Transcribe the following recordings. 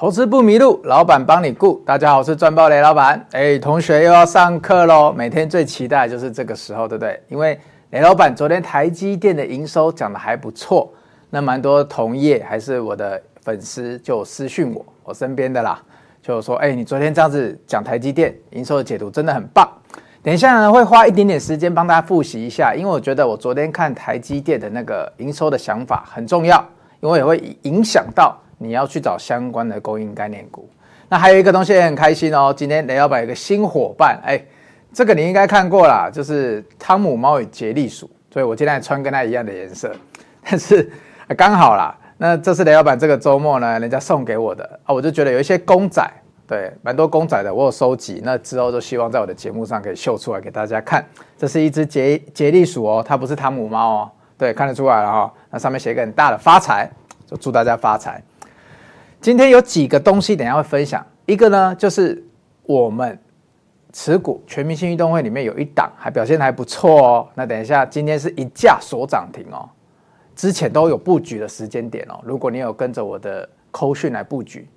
投資不迷路，老闆幫你顧。大家好，我是鑽豹雷老闆。哎、欸，同學又要上課嘍，每天最期待就是這個時候，對不對？因為雷老闆昨天台積電的營收講得還不錯，那蠻多同業還是我的粉絲就私訊我，我身邊的啦，就說：“哎、欸，你昨天這樣子講台積電營收的解讀真的很棒。”等一下呢，會花一點點時間幫大家複習一下，因為我覺得我昨天看台積電的那個營收的想法很重要，因為也會影響到。你要去找相關的供應概念股。那還有一個東西也很開心哦，今天雷老板有一個新夥伴，哎，這個你應該看過啦，就是湯姆貓與傑利鼠，所以我今天也穿跟他一樣的顏色。但是剛好啦，那這是雷老板這個周末呢人家送給我的啊，我就覺得有一些公仔，對，蠻多公仔的，我有收集。那之後就希望在我的節目上可以秀出來給大家看。這是一只傑傑利鼠哦，它不是湯姆貓哦，對，看得出來了哈哦，那上面寫一個很大的發財，就祝大家發財。今天有幾個東西等一下會分享，一個呢就是我們持股全明星運動會裡面有一檔還表現得還不錯哦。那等一下今天是一價鎖漲停哦、喔，之前都有布局的時間點哦、喔。如果你有跟着我的扣訊來布局，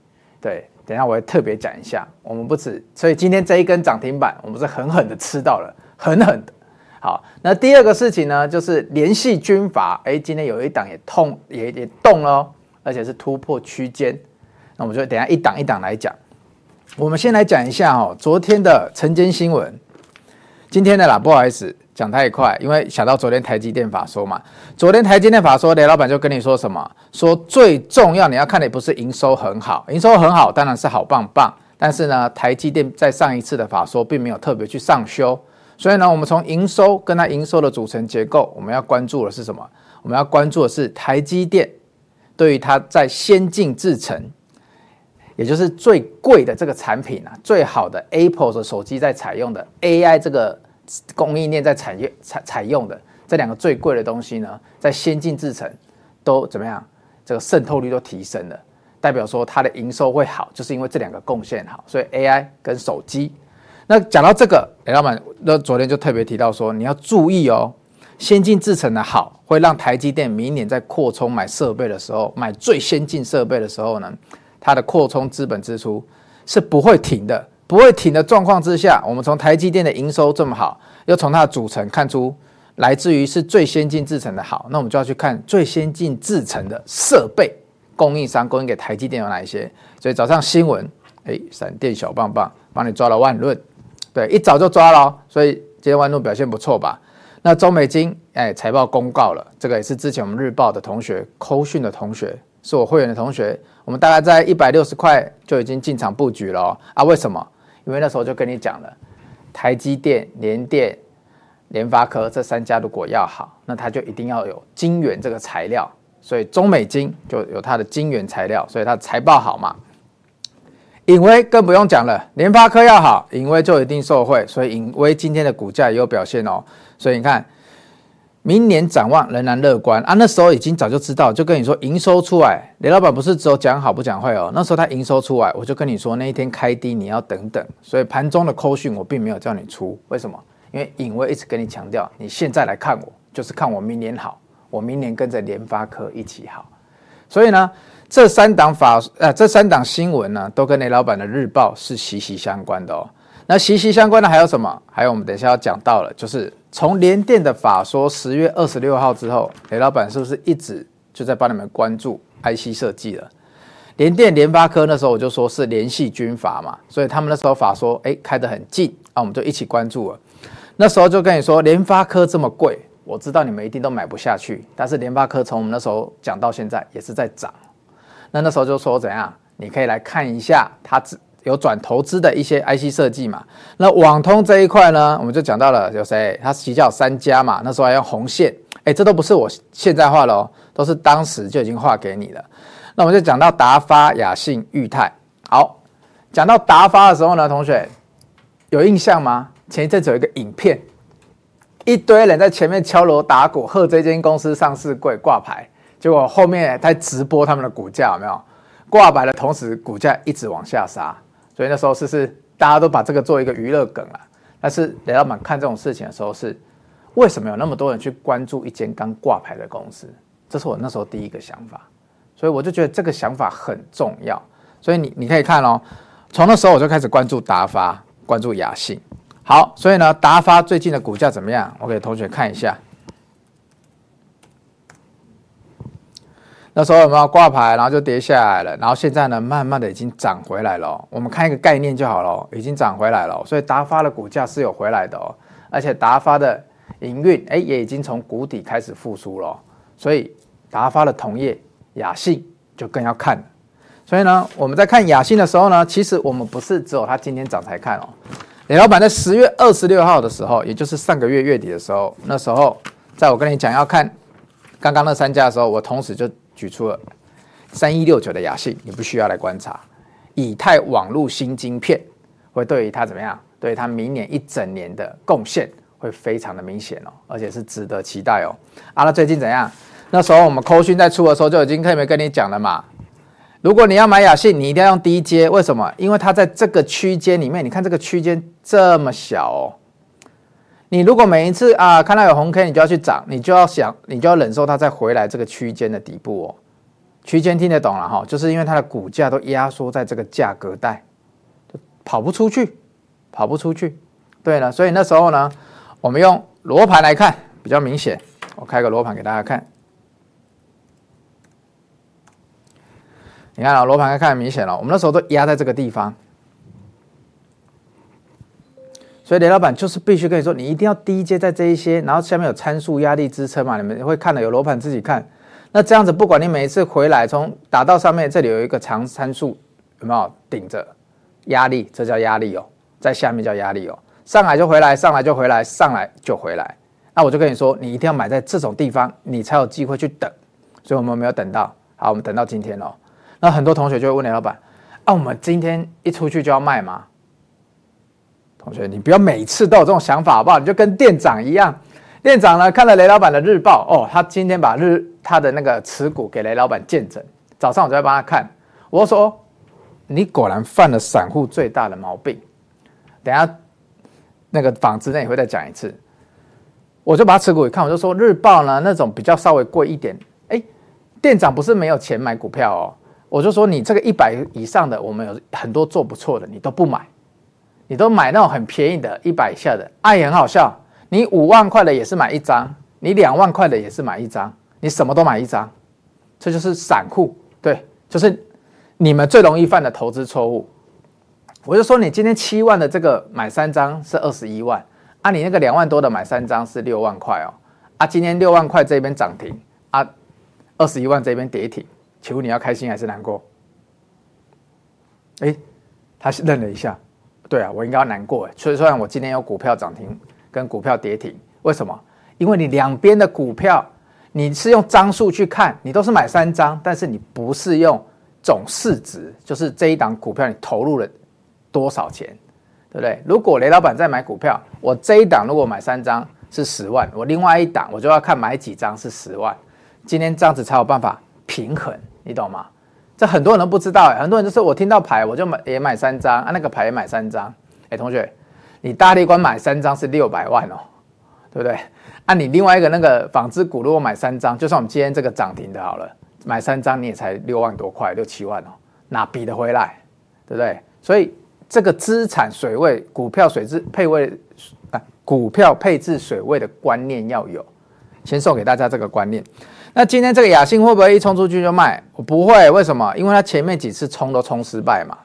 對，等一下我會特別講一下。我們不止，所以今天這一根漲停板，我們是狠狠的吃到了，狠狠的。好，那第二個事情呢，就是聯系軍閥，哎，今天有一檔也痛也也動哦、喔，而且是突破區間。我們就等下一檔一檔來講。我們先來講一下哦，昨天的晨間新聞。今天的啦，不好意思，講太快，因為想到昨天台積電法說嘛，昨天台積電法說，雷老板就跟你說什麼？說最重要你要看的不是營收很好，營收很好當然是好棒棒，但是呢，台積電在上一次的法說並沒有特別去上修，所以呢，我們從營收跟它營收的組成結構，我們要關注的是什麼？我們要關注的是台積電對於它在先進製程。也就是最貴的這個產品啊，最好的 Apple 的手機在採用的 AI 這個供應鏈在產業採採用的這兩個最貴的東西呢，在先進製程都怎麼樣？這個滲透率都提升了，代表說它的營收會好，就是因為這兩個貢獻好。所以 AI 跟手機，那講到這個、欸，雷老闆那昨天就特別提到說，你要注意哦，先進製程的好會讓台積電明年在擴充買設備的時候，買最先進設備的時候呢。它的擴充資本支出是不會停的，不會停的狀況之下，我們從台積電的營收這麼好，又從它的組成看出，來自於是最先進製程的好，那我們就要去看最先進製程的設備供應商供應給台積電有哪一些。所以早上新聞，哎，閃電小棒棒幫你抓了萬潤，對，一早就抓了，所以今天萬潤表現不錯吧？那中美晶，哎，財報公告了，這個也是之前我們日報的同學扣訊的同學。是我會員的同學，我們大概在一百六十塊就已經進場佈局了，哦、啊？為什麼？因為那時候就跟你講了，台積電、聯電、聯發科這三家如果要好，那它就一定要有晶圓這個材料，所以中美晶就有它的晶圓材料，所以它的財報好嘛。穎崴更不用講了，聯發科要好，穎崴就一定受惠，所以穎崴今天的股價也有表現哦。所以你看。明年展望仍然樂觀啊！那時候已經早就知道，就跟你說營收出來，雷老闆不是只有講好不講壞哦。那時候他營收出來，我就跟你說那一天開低你要等等，所以盤中的扣訊我並沒有叫你出，為什麼？因為穎崴一直跟你強調，你現在來看我，就是看我明年好，我明年跟着聯發科一起好。所以呢，這三檔法呃，這三檔新聞呢，都跟雷老闆的日報是息息相關的哦。那息息相關的還有什麼？還有我們等一下要講到了，就是從聯電的法說十月二十六號之後，雷老板是不是一直就在幫你們關注 IC 設計了？聯電、聯發科那時候我就說是聯繫軍閥嘛，所以他們那時候法說誒、欸，開得很近，啊，我們就一起關注了。那時候就跟你說，聯發科這麼貴，我知道你們一定都買不下去，但是聯發科從我們那時候講到現在也是在漲。那那時候就說怎樣，你可以來看一下它只有轉投資的一些 IC 設計嘛，那網通這一塊呢，我們就講到了有誰？他旗下有三家嘛。那時候還用紅線，哎，這都不是我現在畫的哦，都是當時就已經畫給你了。那我們就講到達發、亞信、裕泰。好，講到達發的時候呢，同學有印象嗎？前一陣子有一個影片，一堆人在前面敲鑼打鼓，賀這間公司上市櫃掛牌，結果後面在直播他們的股價有沒有？掛牌的同時，股價一直往下殺。所以那時候是是大家都把這個做一個娛樂梗啊，但是雷老板看這種事情的時候是，為什麼有那麼多人去關注一間剛掛牌的公司？這是我那時候第一個想法，所以我就覺得這個想法很重要。所以你你可以看哦，從那時候我就開始關注達發，關注雅信。好，所以呢，達發最近的股價怎麼樣？我給同學看一下。那時候我們要掛牌，然後就跌下來了。然後現在呢，慢慢的已經漲回來了。我們看一個概念就好了，已經漲回來了。所以達發的股價是有回來的哦，而且達發的營運哎也已經從谷底開始復蘇了。所以達發的同業亞信就更要看。所以呢，我們在看亞信的時候呢，其實我們不是只有它今天漲才看哦。李老板在十月二十六號的時候，也就是上個月月底的時候，那時候在我跟你講要看剛剛那三家的時候，我同時就。舉出了三一六九的亞信，你不需要來觀察以太網路新晶片，會對於它怎麼樣？對於它明年一整年的貢獻會非常的明顯哦，而且是值得期待哦、喔。啊,那最近怎樣？那時候我們扣訓在出的時候就已經可以沒跟你講了嘛。如果你要買亞信，你一定要用低接，為什麼？因為它在這個區間裡面，你看這個區間這麼小哦、喔。你如果每一次啊看到有紅 K，你就要去漲，你就要想，你就要忍受它再回來這個區間的底部哦。區間聽得懂了哈，就是因為它的股價都壓縮在這個價格帶，跑不出去，跑不出去。對了，所以那時候呢，我們用羅盤來看比較明顯。我開個羅盤給大家看，你看啊，羅盤來看明顯了，我們那時候都壓在這個地方。所以雷老闆就是必須跟你說，你一定要低接在這一些，然後下面有參數壓力支撐嘛，你們會看的，有樓盤自己看。那這樣子，不管你每一次回來，從打到上面，這裡有一個長參數有沒有頂着壓力？這叫壓力哦，在下面叫壓力哦、喔。上來就回來，上來就回來，上來就回來。那我就跟你說，你一定要買在這種地方，你才有機會去等。所以我們沒有等到，好，我們等到今天哦。那很多同學就會問雷老闆，那我們今天一出去就要賣嗎？同學，你不要每次都有這種想法好不好？你就跟店長一樣，店長呢，看了雷老闆的日報，哦，他今天把日他的那個持股給雷老闆見證。早上我就在幫他看，我就說你果然犯了散戶最大的毛病。等一下那個房子呢內會再講一次，我就把他持股一看，我就說日報呢那種比較稍微貴一點，哎，店長不是沒有錢買股票哦，我就說你這個一百以上的，我們有很多做不錯的，你都不買。你都買那種很便宜的，一百以下的，啊也很好笑。你五萬塊的也是買一張，你兩萬塊的也是買一張，你什麼都買一張，這就是散戶，對，就是你們最容易犯的投資錯誤。我就說你今天七萬的這個買三張是二十一萬，啊，你那個兩萬多的買三張是六萬塊哦，啊，啊，今天六萬塊這邊漲停，啊，二十一萬這邊跌停，請問你要開心還是難過？哎，他愣了一下。對啊，我應該要難過哎。所以說我今天有股票漲停跟股票跌停，為什麼？因為你兩邊的股票，你是用張數去看，你都是買三張，但是你不是用總市值，就是這一檔股票你投入了多少錢，對不對？如果雷老闆在買股票，我這一檔如果買三張是十萬，我另外一檔我就要看買幾張是十萬，今天這樣子才有辦法平衡，你懂嗎？這很多人都不知道哎，很多人就是我聽到牌我就買，也買三張啊，那個牌也買三張。哎，同學，你大立光買三張是六百萬哦，對不對？啊，你另外一個那個紡織股如果買三張，就算我們今天這個漲停的好了，買三張你也才六萬多塊，六七萬哦，哪比得回來，對不對？所以這個資產水位、股票水質配位啊，股票配置水位的觀念要有，先送給大家這個觀念。那今天這個雅興會不會一衝出去就賣？我不會，為什麼？因為它前面幾次衝都衝失敗嘛。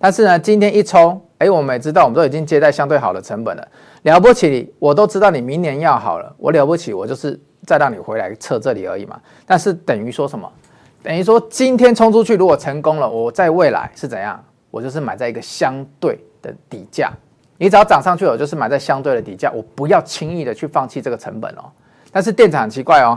但是呢，今天一衝，誒，我們也知道，我們都已經接待相對好的成本了。了不起，我都知道你明年要好了。我了不起，我就是再讓你回來測這裡而已嘛。但是等於說什麼？等於說今天衝出去如果成功了，我在未來是怎樣？我就是買在一個相對的底價。你只要漲上去，我就是買在相對的底價。我不要輕易的去放棄這個成本哦。但是店長很奇怪哦。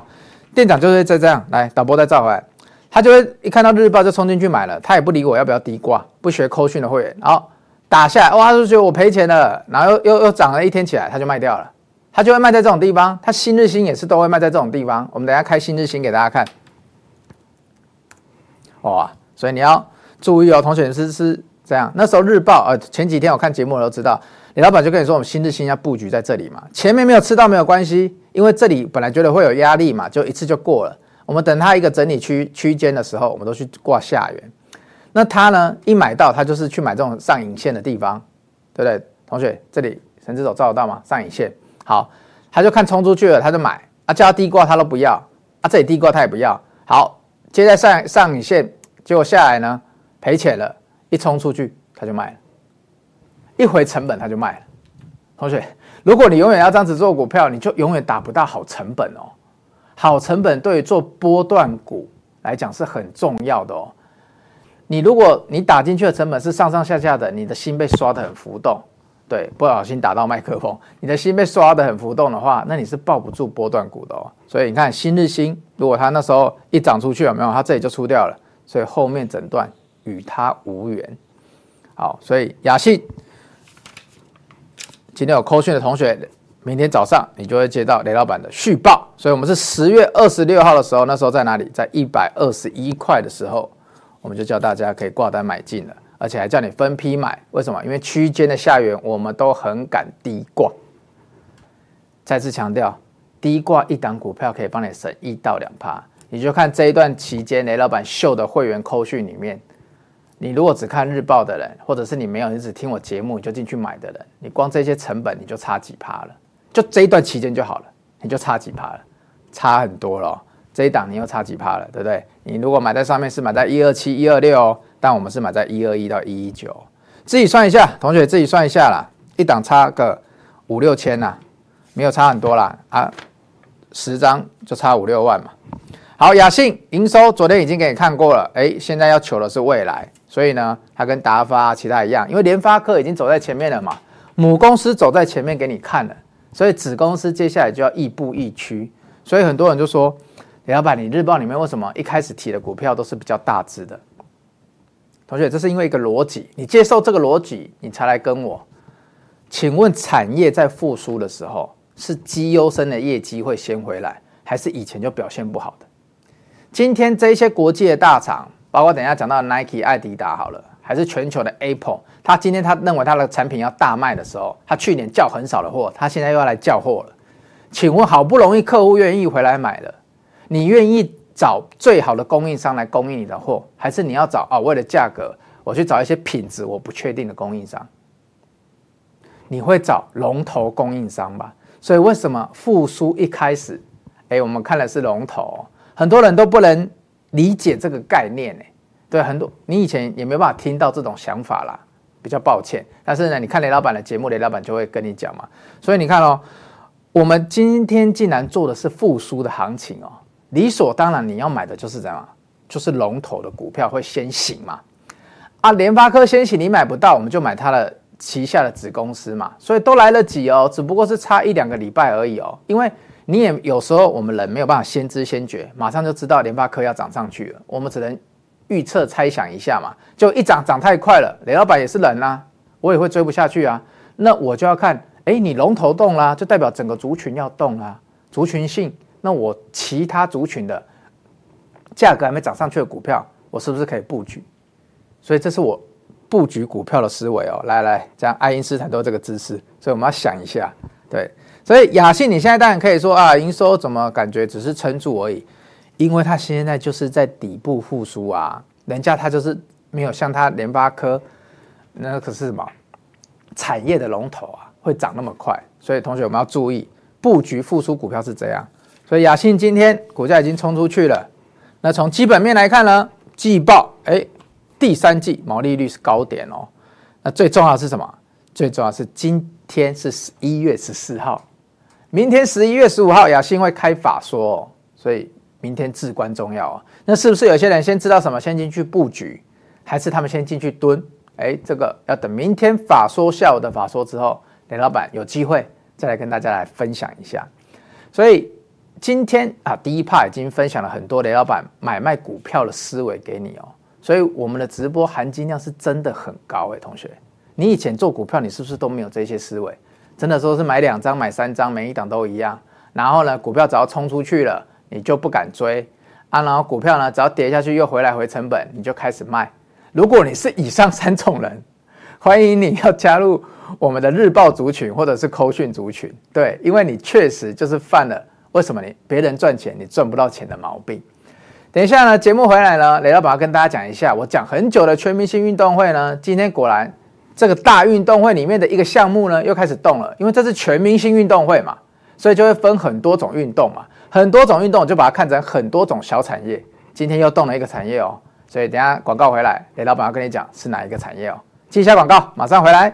店長就會再這樣來，導播再照回來，他就會一看到日報就衝進去買了，他也不理我要不要低掛，不學扣訊的會員，然後打下來，哇，他就覺得我賠錢了，然後又又又漲了一天起來，他就賣掉了，他就會賣在這種地方，他新日新也是都會賣在這種地方，我們等下開新日新給大家看，哇，所以你要注意哦，同學是是這樣，那時候日報，呃，前幾天我看節目我都知道，你老闆就跟你說我們新日新要佈局在這裡嘛，前面沒有吃到沒有關係。因為這裡本來覺得會有壓力嘛，就一次就過了。我們等它一個整理區區間的時候，我們都去掛下緣。那它呢，一買到它就是去買這種上影線的地方，對不對？同學，這裡神之手照得到嗎？上影線，好，他就看衝出去了，他就買。啊，叫他低掛他都不要，啊，這裡低掛他也不要。好，接在上上影線，結果下來呢賠錢了，一衝出去他就賣了，一回成本他就賣了。同學。如果你永遠要這樣子做股票，你就永遠打不到好成本哦。好成本對於做波段股來講是很重要的哦。你如果你打進去的成本是上上下下的，你的心被刷的很浮動，對，不小心打到麥克風，你的心被刷的很浮動的話，那你是抱不住波段股的哦。所以你看新日興，如果它那時候一漲出去，有沒有？它這裡就出掉了，所以後面整段與它無緣。好，所以雅信。今天有扣訊的同學，明天早上你就會接到雷老闆的續報。所以，我們是十月二十六號的時候，那時候在哪裡？在一百二十一塊的時候，我們就叫大家可以掛單買進了，而且還叫你分批買。為什麼？因為區間的下緣我們都很敢低掛。再次強調，低掛一檔股票可以幫你省一到兩趴。你就看這一段期間雷老闆秀的會員扣訊裡面。你如果只看日報的人，或者是你沒有你只聽我節目，你就進去買的人，你光這些成本你就差幾趴了。就這一段期間就好了，你就差幾趴了，差很多了喔。這一檔你又差幾趴了，對不對？你如果買在上面是買在一二七一二六，但我們是買在一二一到一一九，自己算一下，同學自己算一下啦。一檔差個五六千啦啊，沒有差很多啦啊，十張就差五六萬嘛。好，雅信營收昨天已經給你看過了，哎，現在要求的是未來。所以呢，它跟達發其他一樣，因為聯發科已經走在前面了嘛，母公司走在前面給你看了，所以子公司接下來就要亦步亦趨。所以很多人就說，李老闆，你日報裡面為什麼一開始提的股票都是比較大隻的？同學，這是因為一個邏輯，你接受這個邏輯，你才來跟我。請問，產業在復甦的時候，是績優生的業績會先回來，還是以前就表現不好的？今天這些國際的大廠。包括等一下講到 Nike、艾迪達好了，還是全球的 Apple，他今天他認為他的產品要大賣的時候，他去年叫很少的貨，他現在又要來叫貨了。請問好不容易客戶願意回來買了，你願意找最好的供應商來供應你的貨，還是你要找啊、哦、為了價格我去找一些品質我不確定的供應商？你會找龍頭供應商吧？所以為什麼復甦一開始，哎、欸，我們看的是龍頭，很多人都不能。理解這個概念呢？對很多，你以前也沒有辦法聽到這種想法啦，比較抱歉。但是呢，你看雷老板的節目，雷老板就會跟你講嘛。所以你看哦，我們今天竟然做的是復甦的行情哦，理所當然你要買的就是什麼？就是龍頭的股票會先行嘛。啊，聯發科先行你買不到，我們就買它的旗下的子公司嘛。所以都來得及哦，只不過是差一兩個禮拜而已哦，因為。你也有時候，我們人沒有辦法先知先覺，馬上就知道聯發科要漲上去了。我們只能預測、猜想一下嘛。就一漲漲太快了，雷老闆也是人啦、啊，我也會追不下去啊。那我就要看，哎，你龍頭動啦、啊，就代表整個族群要動啦、啊，族群性。那我其他族群的價格還沒漲上去的股票，我是不是可以布局？所以這是我布局股票的思維哦。來來，這樣愛因斯坦都這個姿勢，所以我們要想一下，對。所以亞信，你現在當然可以說啊，營收怎麼感覺只是撐住而已，因為它現在就是在底部復甦啊，人家它就是沒有像它聯發科，那可是什麼產業的龍頭啊，會漲那麼快。所以同學我們要注意布局復甦股票是這樣。所以亞信今天股價已經衝出去了，那從基本面來看呢，季報誒，第三季毛利率是高點哦。那最重要的是什麼？最重要的是今天是十一月十四號。明天十一月十五號，雅欣會開法說，哦，所以明天至關重要啊。那是不是有些人先知道什麼，先進去布局，還是他們先進去蹲？哎，這個要等明天法說下午的法說之後，雷老板有機會再來跟大家來分享一下。所以今天啊，第一 part 已經分享了很多雷老板買賣股票的思維給你哦。所以我們的直播含金量是真的很高誒、哎、同學，你以前做股票，你是不是都沒有這些思維？真的說是買兩張、買三張，每一檔都一樣。然後呢，股票只要衝出去了，你就不敢追啊。然後股票呢，只要跌下去又回來回成本，你就開始賣。如果你是以上三種人，歡迎你要加入我們的日報族群或者是扣訊族群。對，因為你確實就是犯了為什麼你別人賺錢你賺不到錢的毛病。等一下呢，節目回來呢，雷老闆要跟大家講一下我講很久的全明星運動會呢，今天果然。這個大運動會裡面的一個項目呢，又開始動了，因為這是全明星運動會嘛，所以就會分很多種運動嘛。很多種運動我就把它看成很多種小產業。今天又動了一個產業哦，所以等一下廣告回來，雷老板要跟你講是哪一個產業哦，記一下廣告，馬上回來。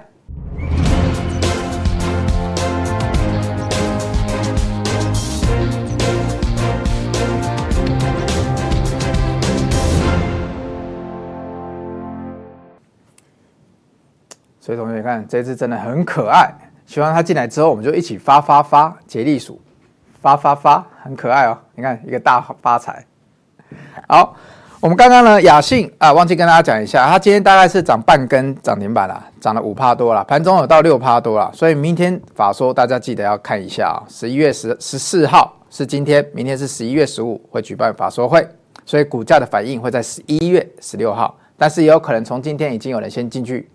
所以同學，你看這隻真的很可愛。希望它進來之後，我們就一起發發發，接力鼠發發發，很可愛哦、喔。你看一個大發財。好，我們剛剛呢，雅信啊，忘記跟大家講一下，它今天大概是漲半根漲停板了，長了，漲了五趴多了，盤中有到六趴多了。所以明天法說，大家記得要看一下啊。十一月十十四號是今天，明天是十一月十五會舉辦法說會，所以股價的反應會在十一月十六號。但是也有可能從今天已經有人先進去。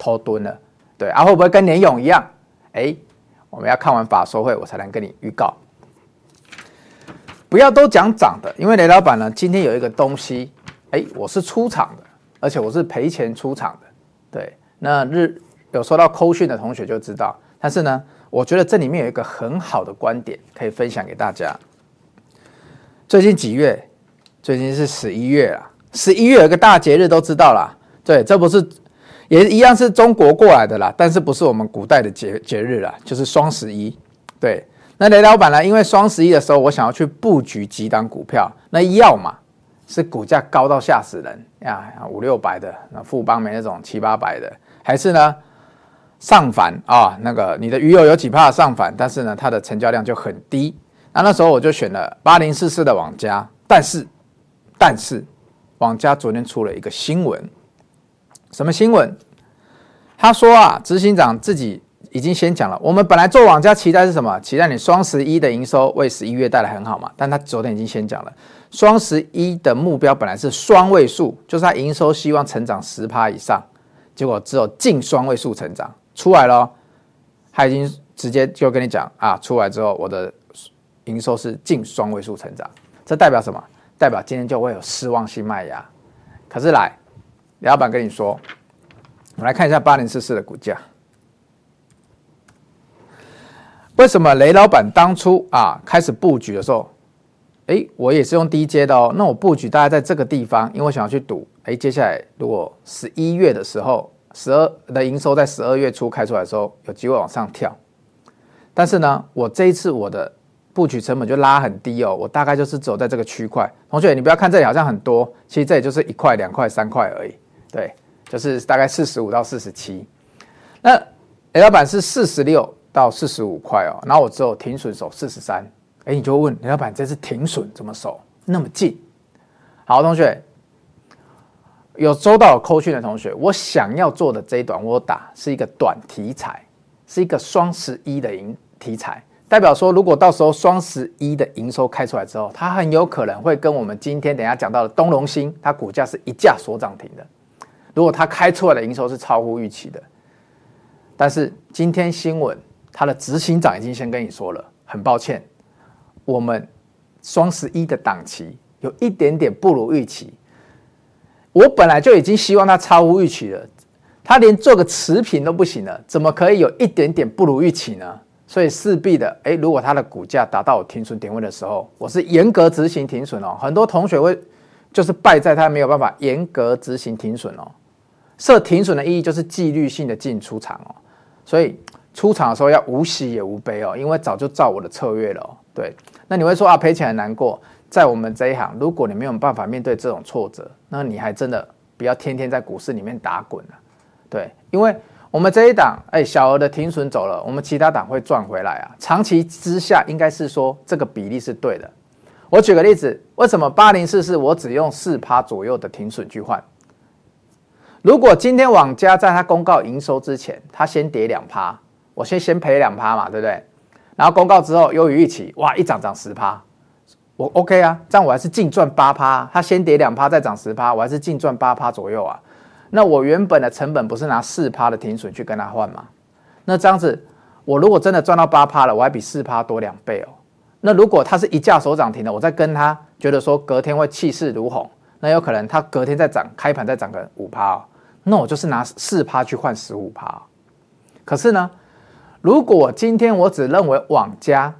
偷蹲了，對啊，會不會跟連勇一樣？哎、欸，我們要看完法說會，我才能跟你預告。不要都講漲的，因為雷老闆呢，今天有一個東西，哎，我是出場的，而且我是賠錢出場的，對。那日有收到扣訊的同學就知道，但是呢，我覺得這裡面有一個很好的觀點可以分享給大家。最近幾月，最近是十一月了，十一月有一個大節日都知道啦。對，這不是。也一樣是中國過來的啦，但是不是我們古代的節節日啦，就是雙十一。對，那雷老闆呢？因為雙十一的時候，我想要去佈局幾檔股票。那要嘛是股價高到嚇死人呀，五六百的，那富邦沒那種七八百的，還是呢上反啊、哦？那個你的魚友有，有幾趴上反，但是呢，它的成交量就很低。那那時候我就選了八零四四的網家，但是，但是網家昨天出了一個新聞，什麼新聞？他說啊，執行長自己已經先講了，我們本來做網家期待是什麼？期待你雙十一的營收為十一月帶來很好嘛？但他昨天已經先講了，雙十一的目標本來是雙位數，就是他營收希望成長十趴以上，結果只有近雙位數成長出來了，他已經直接就跟你講啊，出來之後我的營收是近雙位數成長，這代表什麼？代表今天就會有失望性賣壓。可是來，李老闆跟你說。我們來看一下八零四四的股價。為什麼雷老板當初啊開始布局的時候，誒，我也是用低階的哦。那我布局大概在這個地方，因為我想要去賭，誒，接下來如果十一月的時候，十二的營收在十二月初開出來的時候，有機會往上跳。但是呢，我這一次我的布局成本就拉很低哦，我大概就是走在這個區塊。同學，你不要看這裡好像很多，其實這也就是一塊、兩塊、三塊而已，對。就是大概四十五到四十七，那李老板是四十六到四十五塊哦，然後我只有停損守四十三。哎，你就問李老板，這次停損怎麼守那麼近？好，同學，有收到扣訊的同學，我想要做的這一段我打是一個短題材，是一個雙十一的營題材，代表說如果到時候雙十一的營收開出來之後，它很有可能會跟我們今天等一下講到的東隆興，它股價是一價鎖漲停的。如果他開出來的營收是超乎預期的，但是今天新聞他的執行長已經先跟你說了，很抱歉，我們雙十一的檔期有一點點不如預期。我本來就已經希望他超乎預期了，他連做個持平都不行了，怎麼可以有一點點不如預期呢？所以勢必的，哎，如果他的股價達到我停損點位的時候，我是嚴格執行停損哦。很多同學會就是敗在他沒有辦法嚴格執行停損哦。設停損的意義就是紀律性的進出場哦，所以出場的時候要無喜也無悲哦，因為早就照我的策略了哦。對，那你會說啊，賠錢很難過，在我們這一行，如果你沒有辦法面對這種挫折，那你還真的不要天天在股市裡面打滾了。對，因為我們這一檔，誒，小額的停損走了，我們其他檔會賺回來啊。長期之下應該是說這個比例是對的。我舉個例子，為什麼八零四四，我只用四趴左右的停損去換？如果今天網家在他公告營收之前，他先跌兩趴，我先先賠兩趴嘛，對不對？然後公告之後優於預期，哇，一漲漲十趴，我 OK 啊，這樣我還是淨賺八趴。他先跌兩趴，再漲十趴，我還是淨賺八趴左右啊。那我原本的成本不是拿四趴的停損去跟他換嗎？那這樣子，我如果真的賺到八趴了，我還比四趴多兩倍哦。那如果他是一價首漲停的，我再跟他覺得說隔天會氣勢如虹。那有可能他隔天再漲，開盤再漲個五趴，哦、那我就是拿四趴去換十五趴。哦、可是呢，如果今天我只認為網家，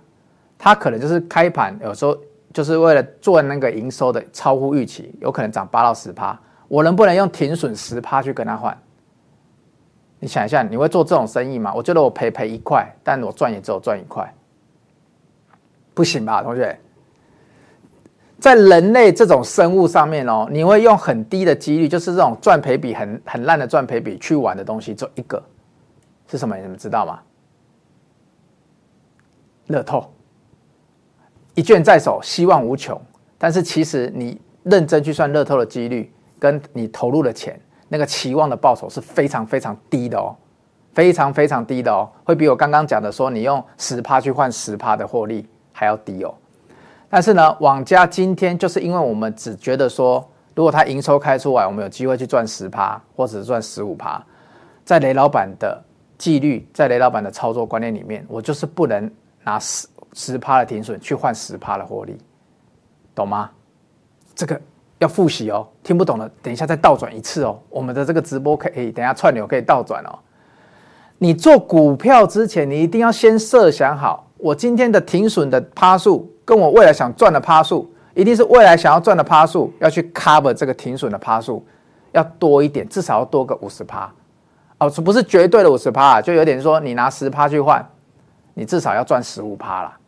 它可能就是開盤有時候就是為了做那個營收的超乎預期，有可能漲八到十趴，我能不能用停損十趴去跟他換？你想一下，你會做這種生意嗎？我覺得我賠賠一塊，但我賺也只有賺一塊，不行吧，同學？在人類這種生物上面哦，你會用很低的幾率，就是這種賺賠比很很爛的賺賠比去玩的東西，做一個是什麼？你們知道嗎？樂透，一券在手，希望無窮。但是其實你認真去算樂透的幾率，跟你投入的錢那個期望的報酬是非常非常低的哦，非常非常低的哦，會比我剛剛講的說，你用十趴去換十趴的獲利還要低哦。但是呢，網家今天就是因為我們只覺得說，如果他營收開出來，我們有機會去賺十趴，或者是賺十五趴。在雷老板的紀律，在雷老板的操作觀念裡面，我就是不能拿十十趴的停損去換十趴的獲利，懂嗎？這個要複習哦，聽不懂的等一下再倒轉一次哦。我們的這個直播可以、欸、等一下串流可以倒轉哦。你做股票之前，你一定要先設想好。我今天的停損的趴數，跟我未來想賺的趴數，一定是未來想要賺的趴數要去 cover 這個停損的趴數，要多一點，至少要多個五十趴，哦，這不是絕對的五十趴，啊、就有點說你拿十趴去換，你至少要賺十五趴啦，啊、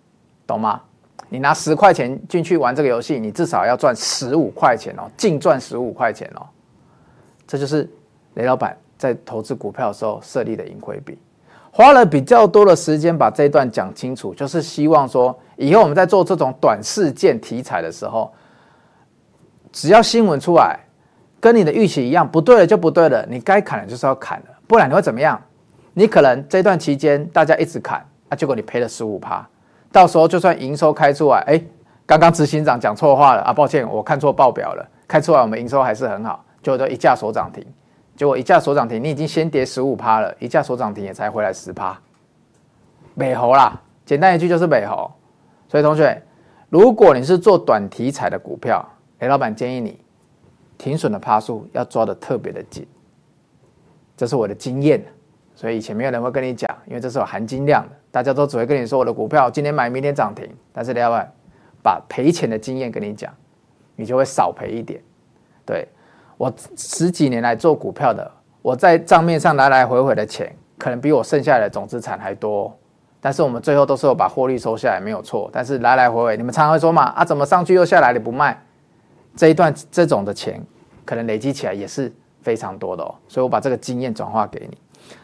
懂嗎？你拿十塊錢進去玩這個遊戲，你至少要賺十五塊錢哦，淨賺十五塊錢哦，這就是雷老闆在投資股票的時候設立的盈虧比。花了比較多的時間把這一段講清楚，就是希望說以後我們在做這種短事件題材的時候，只要新聞出來跟你的預期一樣不對了，就不對了，你該砍的就是要砍了，不然你會怎麼樣？你可能這段期間大家一直砍，啊，結果你賠了十五趴，到時候就算營收開出來，哎，剛剛執行長講錯話了啊，抱歉，我看錯報表了，開出來我們營收還是很好，就都一價鎖漲停。結果一架手漲停，你已經先跌十五趴了，一架手漲停也才回來十趴，美猴啦。簡單一句就是美猴。所以同學，如果你是做短題材的股票，哎，雷老闆建議你，停損的趴數要抓得特別的緊，這是我的經驗。所以以前沒有人會跟你講，因為這是有含金量的。大家都只會跟你說我的股票今天買，明天漲停。但是雷老板把賠錢的經驗跟你講，你就會少賠一點。對。我十幾年來做股票的，我在賬面上來來回回的錢，可能比我剩下的總資產還多哦。但是我們最後都是有把獲利收下來，沒有錯。但是來來回回，你們常常會說嘛，啊，怎麼上去又下來你不賣？這一段這種的錢，可能累積起來也是非常多的哦。所以我把這個經驗轉化給你。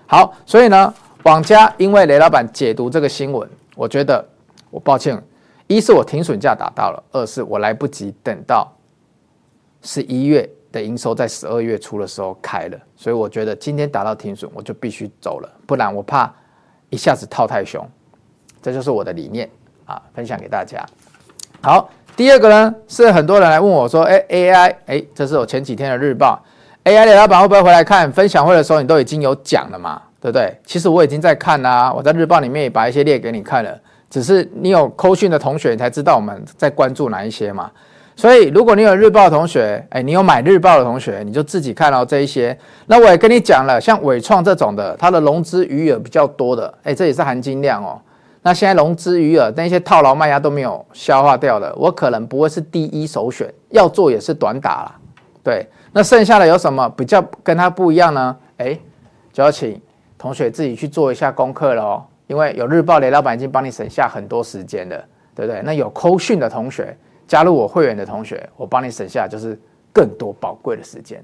好，所以呢，網家因為雷老板解讀這個新聞，我覺得我抱歉，一是我停損價達到了，二是我來不及等到十一月。營收在十二月初的時候開了，所以我覺得今天達到停損，我就必須走了，不然我怕一下子套太凶。這就是我的理念啊，分享給大家。好，第二個呢是很多人來問我說，誒，AI，誒，這是我前幾天的日報，AI 的老板會不會回來看？分享會的時候你都已經有講了嘛，對不對？其實我已經在看啦，我在日報裡面也把一些列給你看了，只是你有扣訊的同學，你才知道我們在關注哪一些嘛。所以，如果你有日報的同學，哎、欸，你有買日報的同學，你就自己看了、哦、這一些。那我也跟你講了，像偉創這種的，它的融資餘額比較多的，哎、欸，這也是含金量哦。那現在融資餘額那些套牢賣家都沒有消化掉的，我可能不會是第一首選，要做也是短打啦，對。那剩下的有什麼比較跟它不一樣呢？哎、欸，就要請同學自己去做一下功課了哦，因為有日報的雷老闆已經幫你省下很多時間了，對不對？那有扣訊的同學。加入我會員的同學，我幫你省下就是更多寶貴的時間，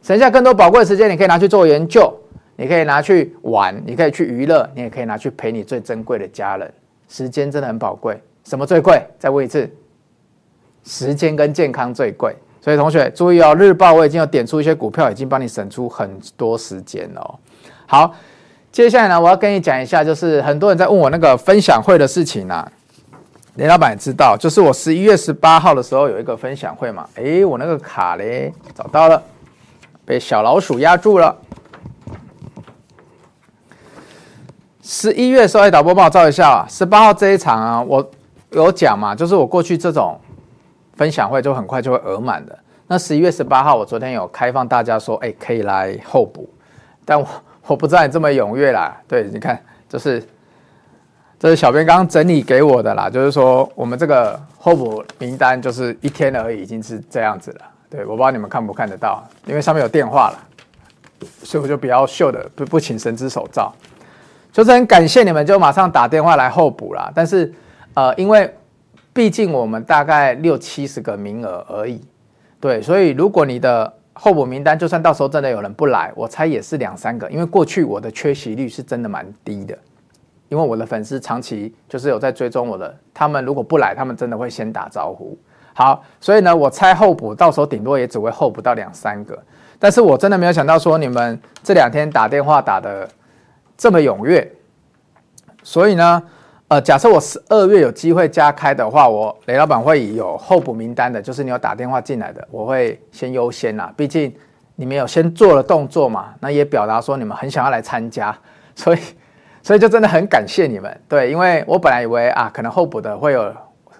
省下更多寶貴的時間，你可以拿去做研究，你可以拿去玩，你可以去娛樂，你也可以拿去陪你最珍貴的家人。時間真的很寶貴，什麼最貴？再問一次，時間跟健康最貴。所以同學注意哦，日報我已經有點出一些股票，已經幫你省出很多時間了。好，接下來呢，我要跟你講一下，就是很多人在問我那個分享會的事情啊。林老闆也知道，就是我十一月十八號的時候有一個分享會嘛，哎、欸，我那個卡嘞找到了，被小老鼠壓住了。十一月時候、欸，導播幫我照一下啊，十八號這一場啊，我有講嘛，就是我過去這種分享會就很快就會額滿的。那十一月十八號，我昨天有開放大家說，誒、欸，可以來候補，但我我不知道你這麼踴躍啦。對，你看，就是。這是小編剛剛整理給我的啦，就是說我們這個候補名單就是一天而已，已經是這樣子了。對，我不知道你們看不看得到，因為上面有電話了，所以我就比較秀的不不請神之手照，就是很感謝你們就馬上打電話來候補啦。但是，呃，因為畢竟我們大概六七十個名額而已，對，所以如果你的候補名單就算到時候真的有人不來，我猜也是兩三個，因為過去我的缺席率是真的蠻低的。因為我的粉絲長期就是有在追蹤我的，他們如果不來，他們真的會先打招呼。好，所以呢，我猜候補到時候頂多也只會候補到兩三個。但是我真的沒有想到說你們這兩天打電話打得這麼踴躍，所以呢，呃，假設我十二月有機會加開的話，我雷老板會有候補名單的，就是你有打電話進來的，我會先優先啦。畢竟你們有先做了動作嘛，那也表達說你們很想要來參加，所以。所以就真的很感謝你們，對，因為我本來以為啊，可能候補的會有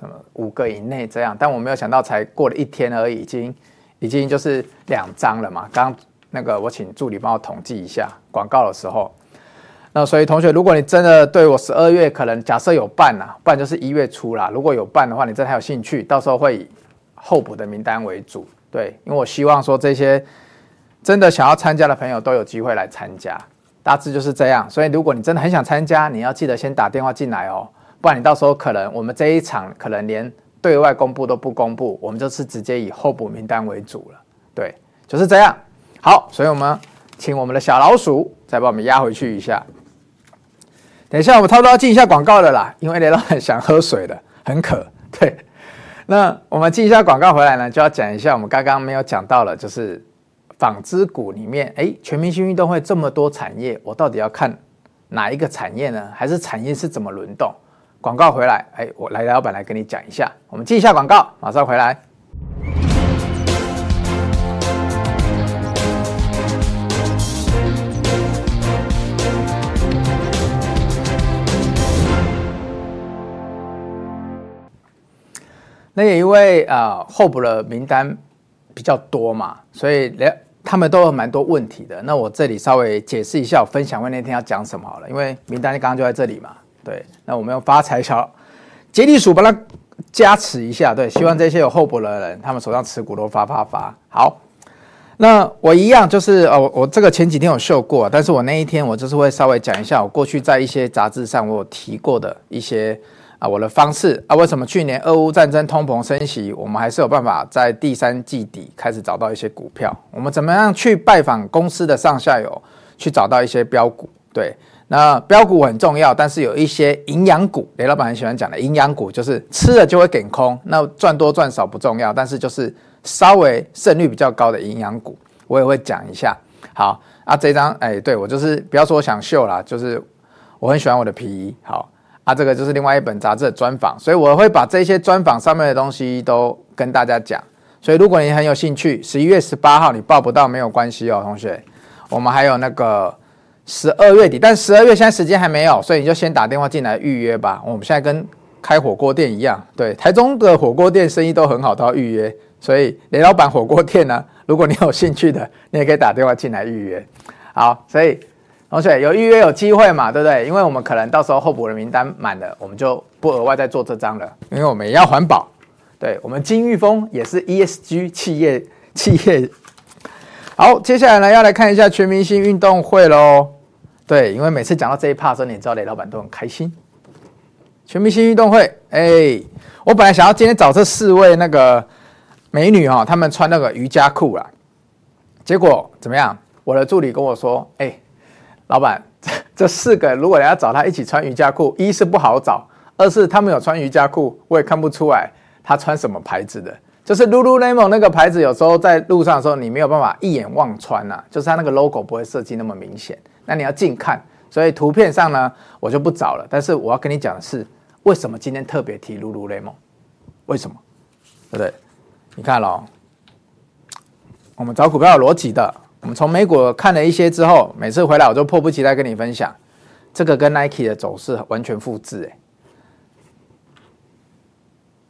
什麼五個以內這樣，但我沒有想到，才過了一天而已，已經已經就是兩張了嘛。剛那個我請助理幫我統計一下廣告的時候，那所以同學，如果你真的對我十二月可能假設有辦啦、啊、不然就是一月初啦。如果有辦的話，你真的還有興趣，到時候會以候補的名單為主，對，因為我希望說這些真的想要參加的朋友都有機會來參加。大致就是這樣，所以如果你真的很想參加，你要記得先打電話進來哦、喔，不然你到時候可能我們這一場可能連對外公布都不公布，我們就是直接以候補名單為主了。對，就是這樣。好，所以我們請我們的小老鼠再把我們押回去一下。等一下，我們差不多要進一下廣告了啦，因為雷老很想喝水的，很渴。對，那我們進一下廣告回來呢，就要講一下我們剛剛沒有講到的，就是。紡織股裡面，哎，全明星運動會這麼多產業，我到底要看哪一個產業呢？還是產業是怎麼輪動？廣告回來，哎，我來，老闆來跟你講一下。我們記一下廣告，馬上回來。那也因為啊、呃，候補的名單比較多嘛，所以他們都有蠻多問題的，那我這裡稍微解釋一下，我分享會那天要講什麼好了，因為名單剛剛就在這裡嘛，對。那我們用發財小吉利鼠把它加持一下，對，希望這些有候補的人，他們手上持股都發發發。好，那我一樣就是，我我這個前幾天有秀過，但是我那一天我就是會稍微講一下，我過去在一些雜誌上我有提過的一些。啊，我的方式啊，為什麼去年俄烏戰爭、通膨升息，我們還是有辦法在第三季底開始找到一些股票？我們怎麼樣去拜訪公司的上下游，去找到一些標股？對，那標股很重要，但是有一些營養股，雷老板很喜歡講的營養股，就是吃了就會給空，那賺多賺少不重要，但是就是稍微勝率比較高的營養股，我也會講一下。好，啊，這張哎，對我就是不要說我想秀啦，就是我很喜歡我的皮衣。好。它、啊、這個就是另外一本雜誌的專訪，所以我會把這些專訪上面的東西都跟大家講。所以如果你很有興趣，十一月十八號你報不到沒有關係哦，同學，我們還有那個十二月底，但十二月現在時間還沒有，所以你就先打電話進來預約吧。我們現在跟開火鍋店一樣，對台中的火鍋店生意都很好都要預約，所以雷老板火鍋店呢，如果你有興趣的，你也可以打電話進來預約。好，所以。而且有預約有機會嘛，對不對？因為我們可能到時候候補的名單滿了，我們就不額外再做這張了，因為我們也要環保。對，我們金玉峰也是 ESG 企業企業。好，接下來呢，要來看一下全明星運動會嘍。對，因為每次講到這一 part 的時候，你知道雷老板都很開心。全明星運動會，哎、欸，我本來想要今天找這四位那個美女哈，她們穿那個瑜伽褲啊，結果怎麼樣？我的助理跟我說，哎、欸。老闆，這這四個如果你要找他一起穿瑜伽褲，一是不好找，二是他們有穿瑜伽褲，我也看不出來他穿什麼牌子的。就是 Lululemon 那個牌子，有時候在路上的時候你沒有辦法一眼望穿吶、啊，就是它那個 logo 不會設計那麼明顯，那你要近看。所以圖片上呢，我就不找了。但是我要跟你講的是，為什麼今天特別提 Lululemon？為什麼？對不對？你看咯。我們找股票有邏輯的。我們從美股看了一些之後，每次回來我都迫不及待跟你分享。這個跟 Nike 的走勢完全複製，哎，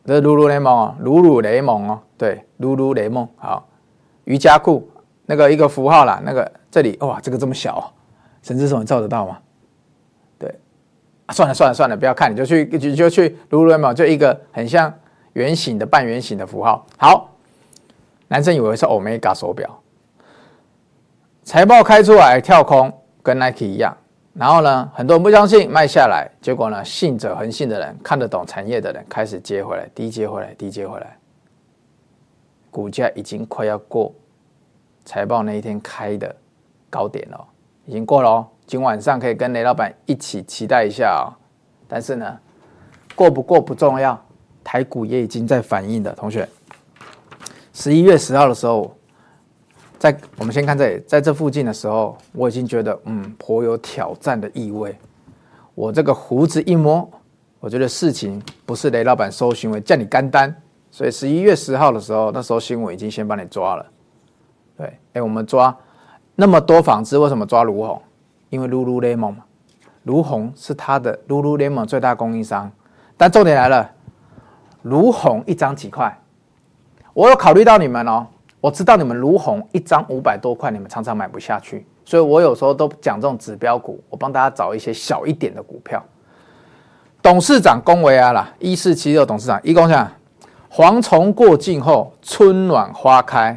這魯魯雷蒙哦，魯魯雷蒙哦，對，魯魯雷蒙，好，瑜伽褲那個一個符號啦，那個這裡哇，這個這麼小、哦，陳志總你照得到嗎？對，啊、算了算了算了，不要看，你就去你就去魯魯雷蒙，就一個很像圓形的半圓形的符號。好，男生以為是 Omega 手錶。財報開出來跳空，跟 Nike 一樣，然後呢，很多人不相信賣下來，結果呢，信者恆信的人，看得懂產業的人開始接回來，低接回來，低接回來，股價已經快要過財報那一天開的高點了，已經過了。今晚上可以跟雷老闆一起期待一下哦、喔。但是呢，過不過不重要，台股也已經在反應的，同學，十一月十號的時候。在我們先看這裡，在這附近的時候，我已經覺得嗯頗有挑戰的意味。我這個鬍子一摸，我覺得事情不是雷老板收尋我叫你干單，所以十一月十號的時候，那時候新聞已經先幫你抓了。對，哎，我們抓那麼多紡織，為什麼抓儒鴻？因為 Lululemon 嘛，儒鴻是他的 Lululemon 最大供應商。但重點來了，儒鴻一張幾塊？我有考慮到你們哦、喔。我知道你們儒鴻一張五百多塊，你們常常買不下去，所以我有時候都講這種指標股，我幫大家找一些小一點的股票。董事長恭維啊啦，一四七六董事長，一共事長，蝗蟲過境後，春暖花開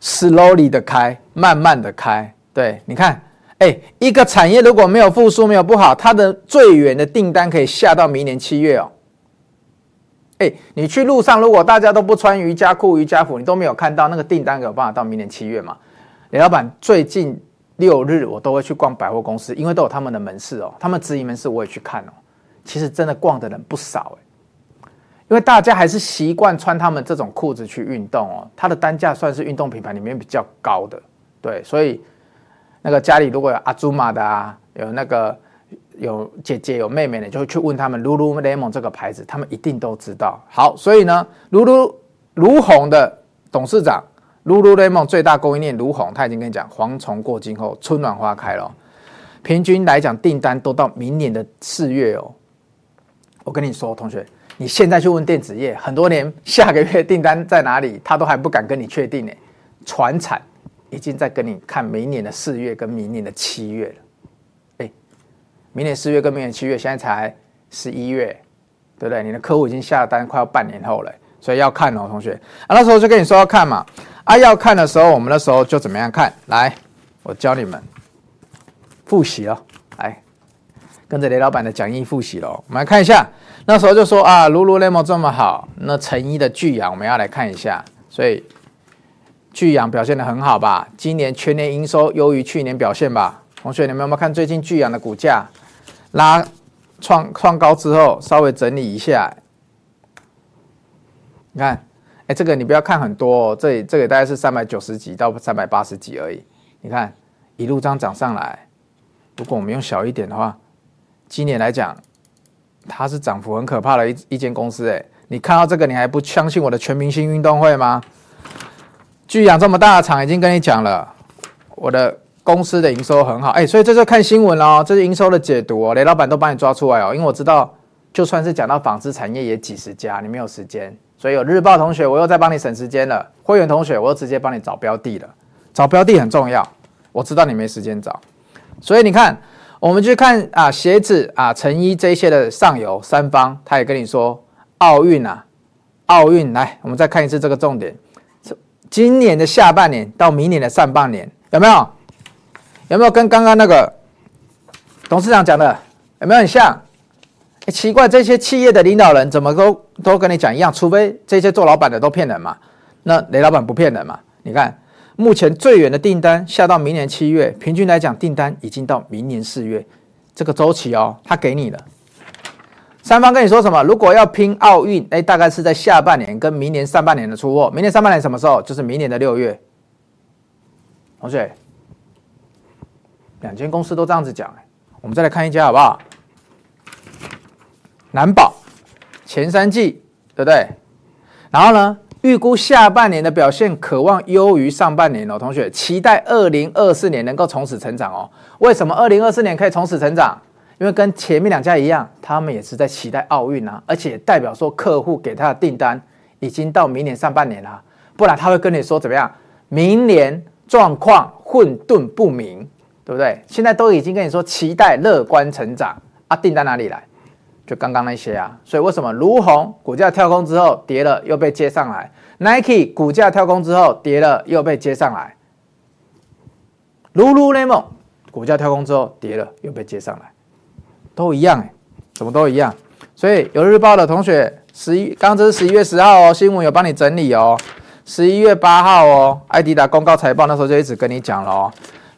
，slowly 的開，慢慢的開。對，你看，哎，一個產業如果沒有復甦，沒有不好，它的最遠的訂單可以下到明年七月哦。哎、欸，你去路上，如果大家都不穿瑜伽褲、瑜伽服，你都沒有看到那個訂單。有辦法到明年七月嘛？李老板，最近六日我都會去逛百貨公司，因為都有他們的門市哦、喔，他們直營門市我也去看哦、喔。其實真的逛的人不少誒、欸，因為大家還是習慣穿他們這種褲子去運動哦。它的單價算是運動品牌裡面比較高的，對，所以那個家裡如果有阿朱瑪的啊，有那個。有姐姐有妹妹的就會去問他們 Lululemon 這個牌子，他們一定都知道。好，所以呢 Lulu 儒鴻的董事長 Lululemon 最大供應鏈儒鴻他已經跟你講，蝗蟲過境後，春暖花開了哦。平均來講，訂單都到明年的四月哦。我跟你說，同學，你現在去問電子業，很多年下個月訂單在哪裡，他都還不敢跟你確定呢。傳產已經在跟你看明年的四月跟明年的七月了。明年四月跟明年七月，現在才十一月，對不對？你的客戶已經下單，快要半年後了，所以要看哦，同學。啊，那時候就跟你說要看嘛。啊，要看的時候，我們那時候就怎麼樣看？來，我教你們複習嘍、哦。來，跟着雷老闆的講義複習嘍。我們來看一下，那時候就說啊，Lululemon 這麼好，那成衣的聚陽我們要來看一下。所以聚陽表現得很好吧？今年全年營收優於去年表現吧？同學，你們有沒有看最近聚陽的股價？拉創創高之後，稍微整理一下，你看，哎，這個你不要看很多哦，這裡這個大概是三百九十幾到三百八十幾而已。你看一路這樣漲上來，如果我們用小一點的話，今年來講，它是漲幅很可怕的一一間公司。哎，你看到這個，你還不相信我的全明星運動會嗎？巨陽這麼大的廠，已經跟你講了，我的。公司的營收很好，哎，所以這就看新聞哦，這是營收的解讀哦。雷老板都幫你抓出來哦，因為我知道，就算是講到紡織產業也幾十家，你沒有時間，所以有日報同學，我又在幫你省時間了；會員同學，我又直接幫你找標的了。找標的很重要，我知道你沒時間找，所以你看，我們去看啊，鞋子啊、成衣這一些的上游三方，他也跟你說奧運啊，奧運來，我們再看一次這個重點，今年的下半年到明年的上半年，有沒有？有沒有跟剛剛那個董事長講的有沒有很像？哎，奇怪，這些企業的領導人怎麼都都跟你講一樣？除非這些做老闆的都騙人嘛？那雷老闆不騙人嘛？你看，目前最遠的訂單下到明年七月，平均來講訂單已經到明年四月，這個週期哦，他給你了。三方跟你說什麼？如果要拼奧運，哎，大概是在下半年跟明年上半年的出貨。明年上半年什麼時候？就是明年的六月，同學。兩間公司都這樣子講，我們再來看一家好不好？南保前三季對不對？然後呢，預估下半年的表現可望優於上半年老、哦、同學期待二零二四年能夠從此成長哦。為什麼二零二四年可以從此成長？因為跟前面兩家一樣，他們也是在期待奧運啊，而且也代表說客戶給他的訂單已經到明年上半年了，不然他會跟你說怎麼樣？明年狀況混沌不明。對不對？現在都已經跟你說期待樂觀成長啊，訂單哪裡來？就剛剛那些啊，所以為什麼儒鴻股價跳空之後跌了又被接上來？Nike 股價跳空之後跌了又被接上來 Lululemon 股價跳空之後跌了又被接上來？都一樣哎、欸，怎麼都一樣？所以有日報的同學，十一剛,剛這是十一月十號哦，新聞有幫你整理哦，十一月八號哦，愛迪達公告財報那時候就一直跟你講了哦。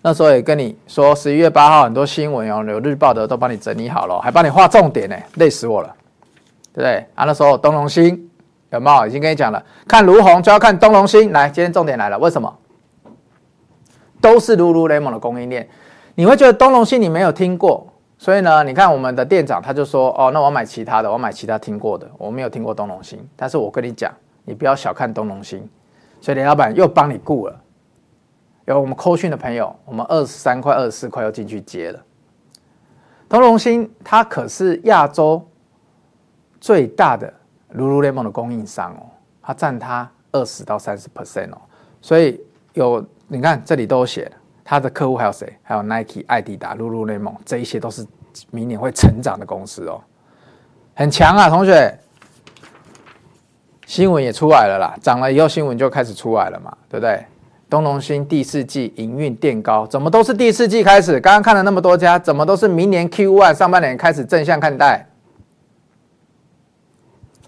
那時候也跟你說，十一月八號很多新聞哦，有日報的都幫你整理好了，還幫你畫重點呢、欸，累死我了，對不對啊？那時候東隆興有沒有已經跟你講了，看盧紅就要看東隆興。來，今天重點來了，為什麼？都是 lululemon 的供應鏈，你會覺得東隆興你沒有聽過，所以呢，你看我們的店長他就說，哦，那我買其他的，我買其他聽過的，我沒有聽過東隆興。但是我跟你講，你不要小看東隆興，所以林老板又幫你顧了。有我們扣訊的朋友，我們二十三塊、二十四塊又進去接了。通隆星它可是亞洲最大的 e m o 蒙的供應商哦他他，它占它二十到三十 percent 哦。所以有你看這裡都有寫它的客戶還有誰？還有 Nike、艾迪達、e m o 蒙，這一些都是明年會成長的公司哦，很強啊，同學。新聞也出來了啦，漲了以後新聞就開始出來了嘛，對不對？東隆興第四季營運墊高，怎麼都是第四季開始？剛剛看了那麼多家，怎麼都是明年 Q1 上半年開始正向看待？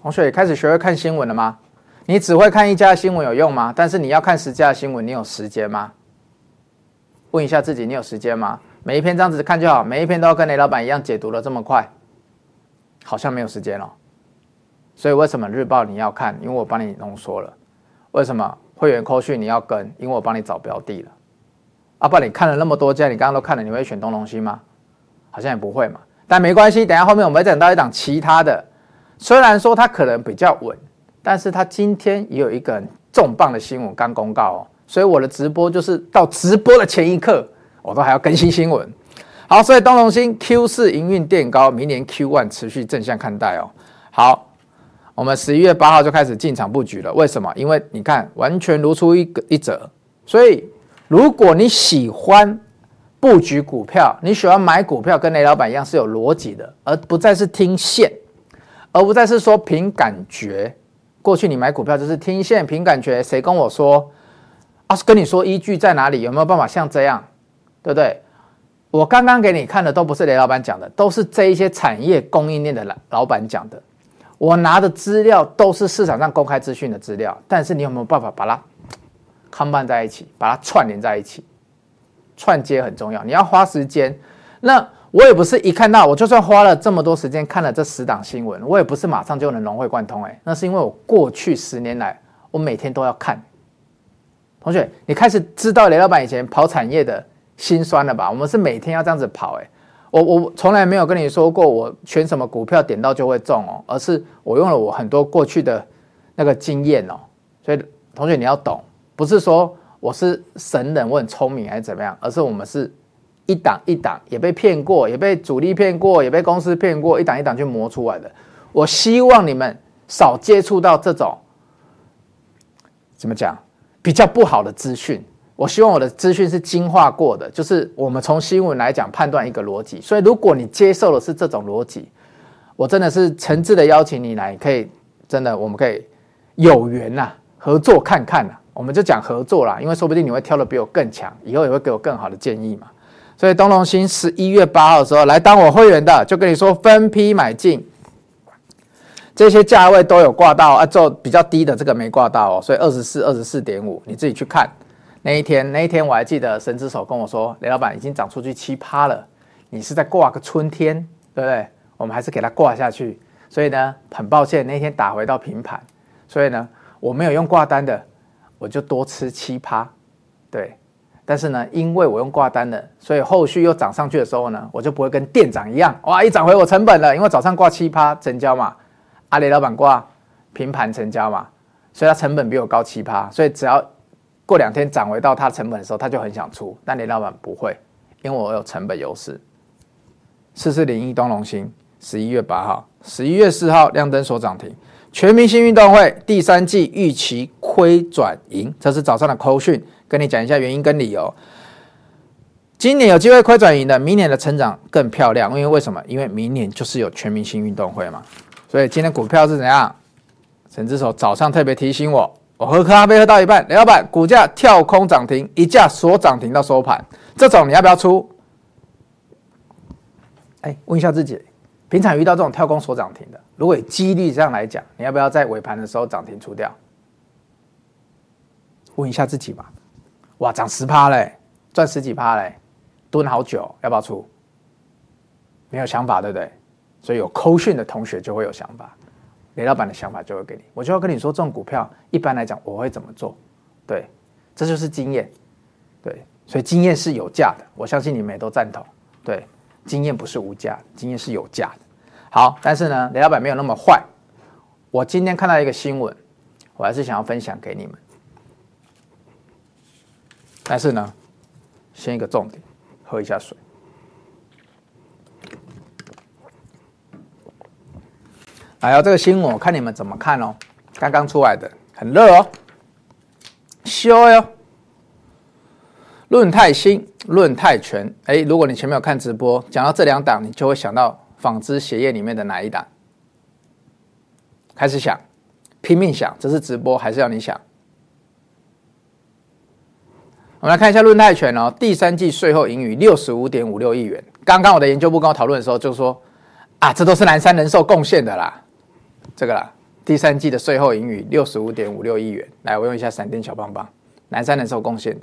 同學也開始學會看新聞了嗎？你只會看一家新聞有用嗎？但是你要看十家新聞，你有時間嗎？問一下自己，你有時間嗎？每一篇這樣子看就好，每一篇都要跟雷老闆一樣解讀得這麼快，好像沒有時間了，哦。所以為什麼日報你要看？因為我幫你濃縮了。為什麼？會員扣訊你要跟，因為我幫你找標的了。啊不，你看了那麼多家，你剛剛都看了，你會選東隆興嗎？好像也不會嘛。但沒關係，等一下後面我們要講到一檔其他的，雖然說它可能比較穩，但是它今天也有一個重磅的新聞剛公告哦。所以我的直播就是到直播的前一刻，我都還要更新新聞。好，所以東隆興 Q 四營運墊高，明年 Q one 持續正向看待哦。好。我們十一月八號就開始進場佈局了，為什麼？因為你看，完全如出一個一轍。所以，如果你喜歡佈局股票，你喜歡買股票，跟雷老板一樣是有邏輯的，而不再是聽線，而不再是說憑感覺。過去你買股票就是聽線、憑感覺，誰跟我說啊？跟你說依據在哪裡？有沒有辦法像這樣，對不對？我剛剛給你看的都不是雷老板講的，都是這一些產業供應鏈的老板講的。我拿的資料都是市場上公開資訊的資料，但是你有沒有辦法把它 combine 在一起，把它串聯在一起？串接很重要，你要花時間。那我也不是一看到我就算花了這麼多時間看了這十檔新聞，我也不是馬上就能融會貫通。哎，那是因為我過去十年來，我每天都要看。同學，你開始知道雷老闆以前跑產業的辛酸了吧？我們是每天要這樣子跑，哎。我我從來沒有跟你說過我選什麼股票點到就會中哦，而是我用了我很多過去的那個經驗哦，所以同學你要懂，不是說我是神人，我很聰明還是怎麼樣，而是我們是一檔一檔也被騙過，也被主力騙過，也被公司騙過，一檔一檔去磨出來的。我希望你們少接觸到這種，怎麼講比較不好的資訊。我希望我的資訊是精化過的，就是我們從新聞來講判斷一個邏輯，所以如果你接受的是這種邏輯，我真的是誠摯的邀請你來，可以真的我們可以有緣吶、啊、合作看看吶、啊，我們就講合作啦，因為說不定你會挑的比我更強，以後也會給我更好的建議嘛。所以東隆興十一月八號的時候來當我會員的，就跟你說分批買進，這些價位都有掛到啊，做比較低的這個沒掛到哦，、喔，所以二十四、二十四點五，你自己去看。那一天，那一天我還記得神之手跟我說：“雷老板已經漲出去七趴了，你是在掛個春天，對不對？我們還是給他掛下去。”所以呢，很抱歉，那天打回到平盤。所以呢，我沒有用掛單的，我就多吃七趴。對，但是呢，因為我用掛單的，所以後續又漲上去的時候呢，我就不會跟店長一樣，哇，一漲回我成本了。因為早上掛七趴成交嘛，阿、啊、雷老板掛平盤成交嘛，所以他成本比我高七趴，所以只要。過兩天漲回到它成本的時候，他就很想出。但林老板不會，因為我有成本優勢。四四零一東隆興，十一月八號，十一月四號亮燈所漲停。全明星運動會第三季預期虧轉盈，這是早上的扣訊，跟你講一下原因跟理由。今年有機會虧轉盈的，明年的成長更漂亮，因為為什麼？因為明年就是有全明星運動會嘛。所以今天股票是怎樣？陳志手早上特別提醒我。我喝咖啡喝到一半，李老闆股價跳空漲停，一價鎖漲停到收盤，這種你要不要出？哎、欸，問一下自己，平常遇到這種跳空鎖漲停的，如果以幾率上來講，你要不要在尾盤的時候漲停出掉？問一下自己嘛，哇，漲十趴嘞，賺十幾趴嘞，蹲好久，要不要出？沒有想法，對不對？所以有扣訊的同學就會有想法。雷老板的想法就會給你，我就要跟你說，這種股票一般來講我會怎麼做，對，這就是經驗，對，所以經驗是有價的，我相信你們也都贊同，對，經驗不是無價，經驗是有價的。好，但是呢，雷老板沒有那麼壞，我今天看到一個新聞，我還是想要分享給你們，但是呢，先一個重點，喝一下水。還有這個新聞，我看你們怎麼看哦？剛剛出來的，很熱哦，修哦。潤泰新，潤泰全，哎，如果你前面有看直播，講到這兩檔，你就會想到紡織鞋業裡面的哪一檔？開始想，拼命想，這是直播還是要你想？我們來看一下潤泰全哦，第三季稅後盈餘六十五點五六億元。剛剛我的研究部跟我討論的時候就說，啊，這都是南山人壽貢獻的啦。這個啦，第三季的稅後盈餘六十五點五六億元。來，我用一下閃電小棒棒，南山人壽貢獻的。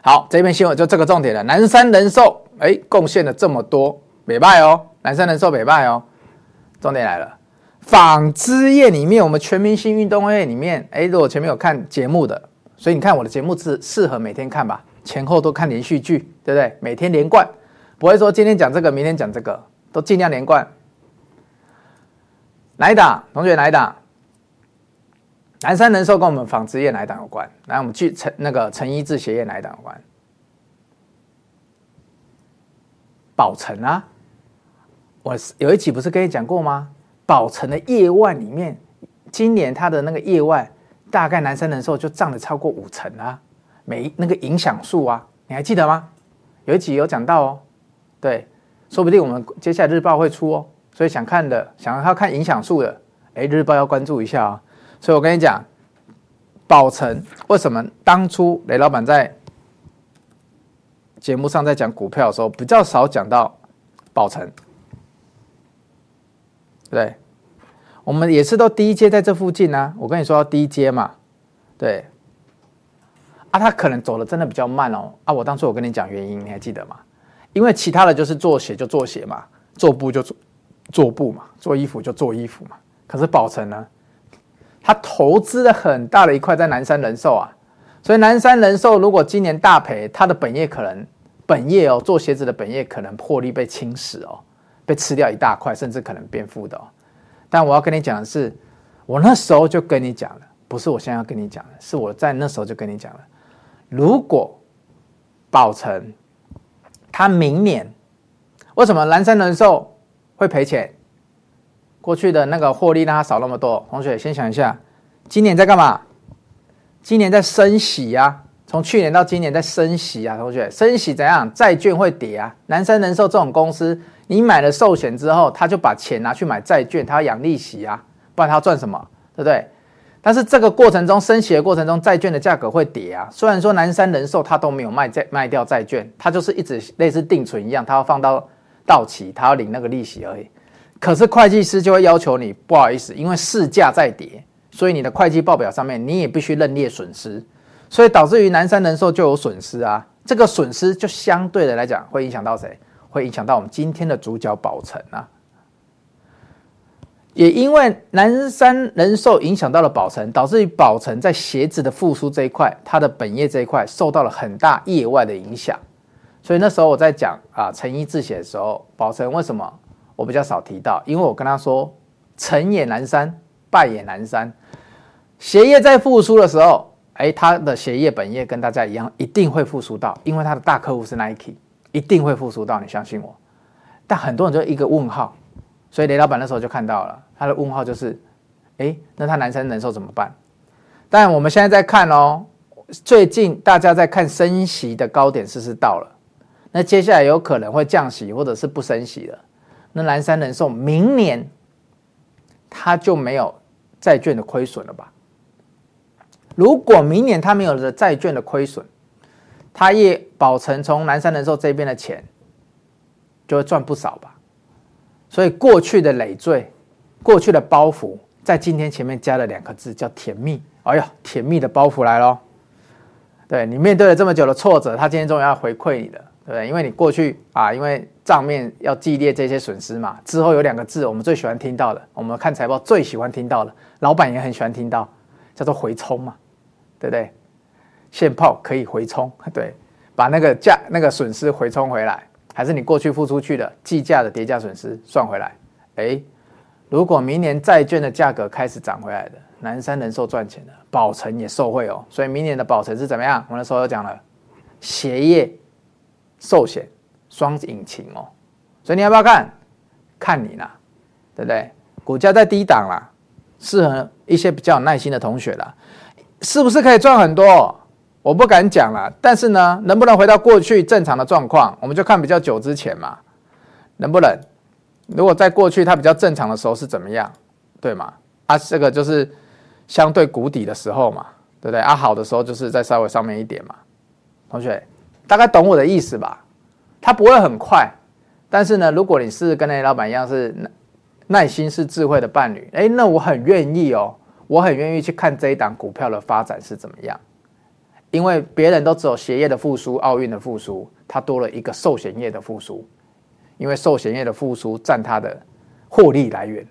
好，這邊新聞就這個重點了。南山人壽，哎、欸，貢獻了這麼多，美拜哦，南山人壽美拜哦。重點來了，紡織業裡面，我們全明星運動會裡面，哎、欸，如果前面有看節目的，所以你看我的節目是適合每天看吧，前後都看連續劇，對不對？每天連貫，不會說今天講這個，明天講這個，都盡量連貫。哪一檔同學，哪一檔？南山人壽跟我們紡織業哪一檔有關？來，我們去成那個成衣製鞋業，哪一檔有關？寶成啊，我有一集不是跟你講過嗎？寶成的業外裡面，今年他的那個業外大概南山人壽就漲了超過五成啊，沒那個影響數啊，你還記得嗎？有一集有講到哦，對，說不定我們接下來日報會出哦。所以想看的，想要看影響數的，哎，日報要關注一下啊。所以我跟你講，寶成為什麼當初雷老闆在節目上在講股票的時候，比較少講到寶成。對。我們也是都一階在這附近呢、啊。我跟你說，一階嘛，對。啊，他可能走的真的比較慢哦。啊，我當初我跟你講原因，你還記得嗎？因為其他的就是做鞋就做鞋嘛，做步就做。做布嘛，做衣服就做衣服嘛。可是寶成呢，他投資了很大的一塊在南山人壽啊，所以南山人壽如果今年大賠，他的本業可能本業哦，做鞋子的本業可能獲利被侵蝕哦，被吃掉一大塊，甚至可能變負的哦。但我要跟你講的是，我那時候就跟你講了，不是我現在要跟你講的，是我在那時候就跟你講了，如果寶成他明年為什麼南山人壽？會賠錢，過去的那個獲利讓它少那麼多。同學先想一下，今年在幹嘛？今年在升息呀，從去年到今年在升息啊。同學，升息怎樣？債券會跌啊。南山人壽這種公司，你買了壽險之後，他就把錢拿去買債券，他要養利息啊，不然他要賺什麼？對不對？但是這個過程中，升息的過程中，債券的價格會跌啊。雖然說南山人壽他都沒有賣債賣掉債券，他就是一直類似定存一樣，他要放到。到期，他要領那個利息而已。可是會計師就會要求你，不好意思，因為市價在跌，所以你的會計報表上面你也必須認列損失。所以導致於南山人壽就有損失啊。這個損失就相對的來講，會影響到誰？會影響到我們今天的主角寶成啊。也因為南山人壽影響到了寶成，導致於寶成在鞋子的復甦這一塊，它的本業這一塊受到了很大業外的影響。所以那時候我在講啊、呃，成衣製鞋的時候，寶成為什麼我比較少提到？因為我跟他說，成也南山，敗也南山。鞋業在復甦的時候，哎、欸，他的鞋業本業跟大家一樣，一定會復甦到，因為他的大客戶是 Nike，一定會復甦到，你相信我。但很多人就一個問號，所以雷老闆那時候就看到了他的問號，就是，哎、欸，那他南山人壽怎麼辦？但我們現在在看哦，最近大家在看升息的高點是不是到了？那接下來有可能會降息，或者是不升息了。那南山人壽明年，它就沒有債券的虧損了吧？如果明年它沒有了債券的虧損，它也保存從南山人壽這邊的錢，就會賺不少吧？所以過去的累贅，過去的包袱，在今天前面加了兩個字，叫甜蜜。哎呀，甜蜜的包袱來咯，對你面對了這麼久的挫折，他今天終於要回饋你了。對，因為你過去啊，因為賬面要記列這些損失嘛，之後有兩個字，我們最喜歡聽到的，我們看財報最喜歡聽到的，老板也很喜歡聽到，叫做回沖嘛，對不對？現泡可以回沖，對，把那個價那個損失回沖回來，還是你過去付出去的計價的跌價損失算回來。哎，如果明年債券的價格開始漲回來的，南山人壽賺錢了，寶成也受惠哦，所以明年的寶成是怎麼樣？我那時候又講了鞋業。壽險雙引擎哦，所以你要不要看？看你啦，對不對？股價在低檔啦，適合一些比較有耐心的同學啦。是不是可以賺很多？我不敢講啦，但是呢，能不能回到過去正常的狀況？我們就看比較久之前嘛，能不能？如果在過去它比較正常的時候是怎麼樣，對嗎？啊，這個就是相對谷底的時候嘛，對不對？啊，好的時候就是再稍微上面一點嘛，同學。大概懂我的意思吧，他不會很快，但是呢，如果你是跟那老板一樣是耐心是智慧的伴侶，哎，那我很願意哦，我很願意去看這一檔股票的發展是怎麼樣，因為別人都只有鞋業的復蘇、奧運的復蘇，他多了一個壽險業的復蘇，因為壽險業的復蘇占他的獲利來源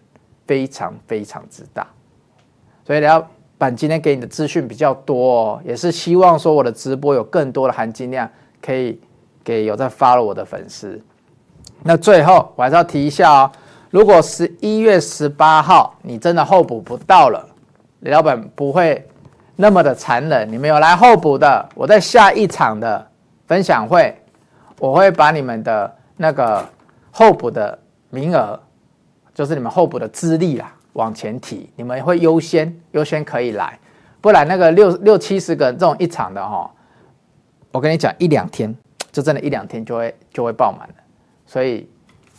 非常非常之大，所以老闆今天給你的資訊比較多哦，也是希望說我的直播有更多的含金量。可以給有在 follow 我的粉絲。那最後，我還是要提一下哦，如果十一月十八號你真的候補不到了，李老闆不會那麼的殘忍。你們有來候補的，我在下一場的分享會，我會把你們的那個候補的名額，就是你們候補的資歷啊，往前提，你們會優先優先可以來，不然那個六六七十個這種一場的哦。我跟你講，一兩天就真的，一兩天就會就會爆滿。所以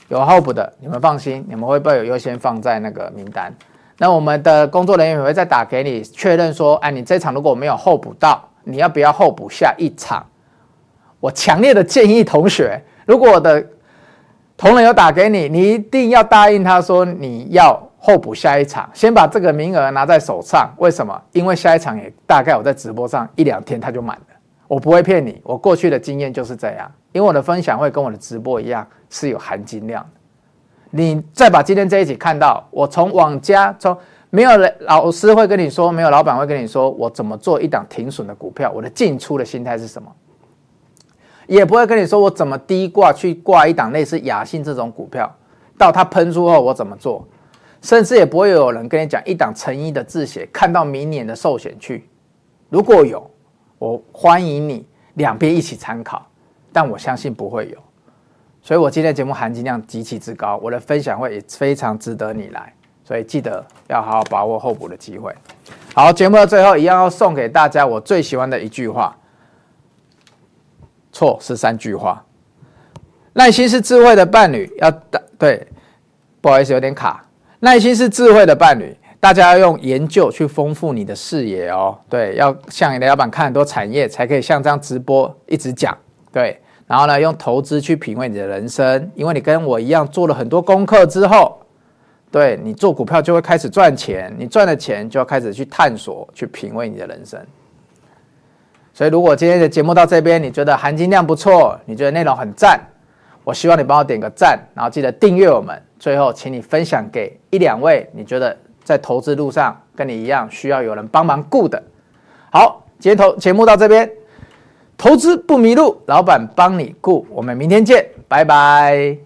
有候補的，你們放心，你們會不會有優先放在那個名單。那我們的工作人員也會再打給你確認說，哎，你這場如果沒有候補到，你要不要候補下一場？我強烈的建議同學，如果我的同仁有打給你，你一定要答應他說，你要候補下一場，先把這個名額拿在手上。為什麼？因為下一場也大概我在直播上一兩天他就滿了。我不會騙你，我過去的經驗就是這樣，因為我的分享會跟我的直播一樣是有含金量的。你再把今天這一集看到，我從網家從沒有老師會跟你說，沒有老闆會跟你說，我怎麼做一檔停損的股票，我的進出的心態是什麼，也不會跟你說我怎麼低掛去掛一檔類似亞信這種股票，到它噴出後我怎麼做，甚至也不會有人跟你講一檔成衣的字寫看到明年的壽險去，如果有，我歡迎你，兩邊一起參考，但我相信不會有，所以我今天節目含金量極其之高，我的分享會也非常值得你來，所以記得要好好把握候補的機會。好，節目的最後一樣要送給大家我最喜歡的一句話，錯是三句話，耐心是智慧的伴侶，要的對，不好意思有點卡，耐心是智慧的伴侶。大家要用研究去豐富你的視野哦，對，要像你的老闆看很多產業，才可以像這樣直播一直講，對，然後呢，用投資去品味你的人生，因為你跟我一樣做了很多功課之後，對你做股票就會開始賺錢，你賺了錢就要開始去探索，去品味你的人生。所以，如果今天的節目到這邊，你覺得含金量不錯，你覺得內容很讚，我希望你幫我點個讚，然後記得訂閱我們，最後請你分享給一兩位你覺得。在投資路上，跟你一樣需要有人幫忙顧的。好，今天投節目到這邊，投資不迷路，老闆幫你顧。我們明天見，拜拜。